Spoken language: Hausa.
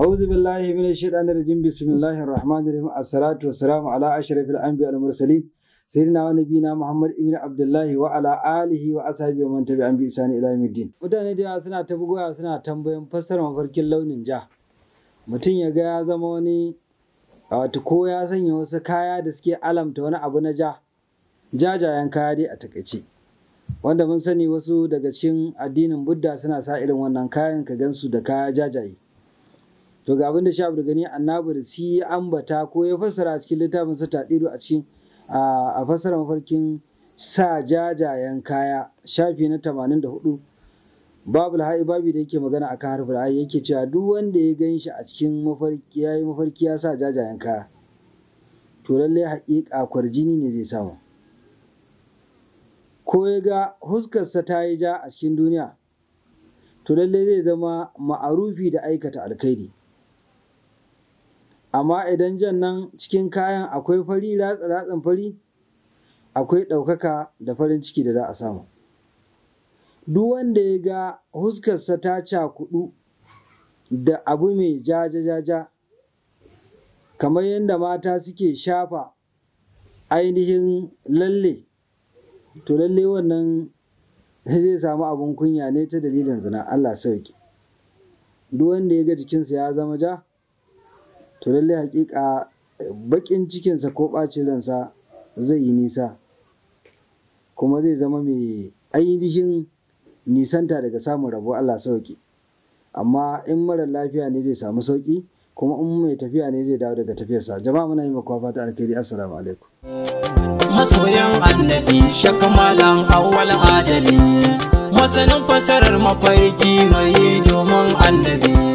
أعوذ بالله من الشيطان الرجيم بسم الله الرحمن الرحيم الصلاة والسلام على أشرف الأنبياء والمرسلين سيدنا ونبينا محمد ابن عبد الله وعلى آله وأصحابه ومن تبعهم بإحسان إلى يوم الدين mutane da suna ta bugowa suna tambayan fassarar mafarkin launin ja mutum ya ga ya zama wani wato ya sanya wasu kaya da suke alamta wani abu na ja jajayen kaya dai a takaice wanda mun sani wasu daga cikin addinin budda suna sa irin wannan kayan ka gansu da kaya jajaye to ga abin da sha gani annabi si ya ambata ko ya fassara cikin littafin sa tadiru a cikin a fassara mafarkin sa jajayen kaya shafi na 84 babu laha'i babu da yake magana akan harfi ayi yake cewa duk wanda ya ganshi a cikin mafarki ya yi mafarki ya sa jajayen kaya to lallai haƙiƙa kwarjini ne zai samu ko ya ga huskarsa ta yi ja a cikin duniya to lallai zai zama ma'arufi da aikata alkhairi amma idan jan nan cikin kayan akwai fari ratsa-ratsan fari akwai ɗaukaka da farin ciki da za a samu duk wanda ya ga huskarsa ta cakudu da abu mai jaje-jaje kamar yadda mata suke shafa ainihin lalle to lalle wannan zai samu abin kunya ne ta dalilin zina Allah sauki duk wanda ya ga jikinsa ya zama ja to lallai hakika bakin cikinsa ko bacin ransa zai yi nisa kuma zai zama mai ainihin nisanta daga samun rabo Allah sauki amma in mara lafiya ne zai samu sauki kuma in mai tafiya ne zai dawo daga tafiyarsa jama'a muna yi makuwa fata alkhairi assalamu alaikum masoyan annabi shakamalan awwal adali masanin fasarar mafarki mai domin annabi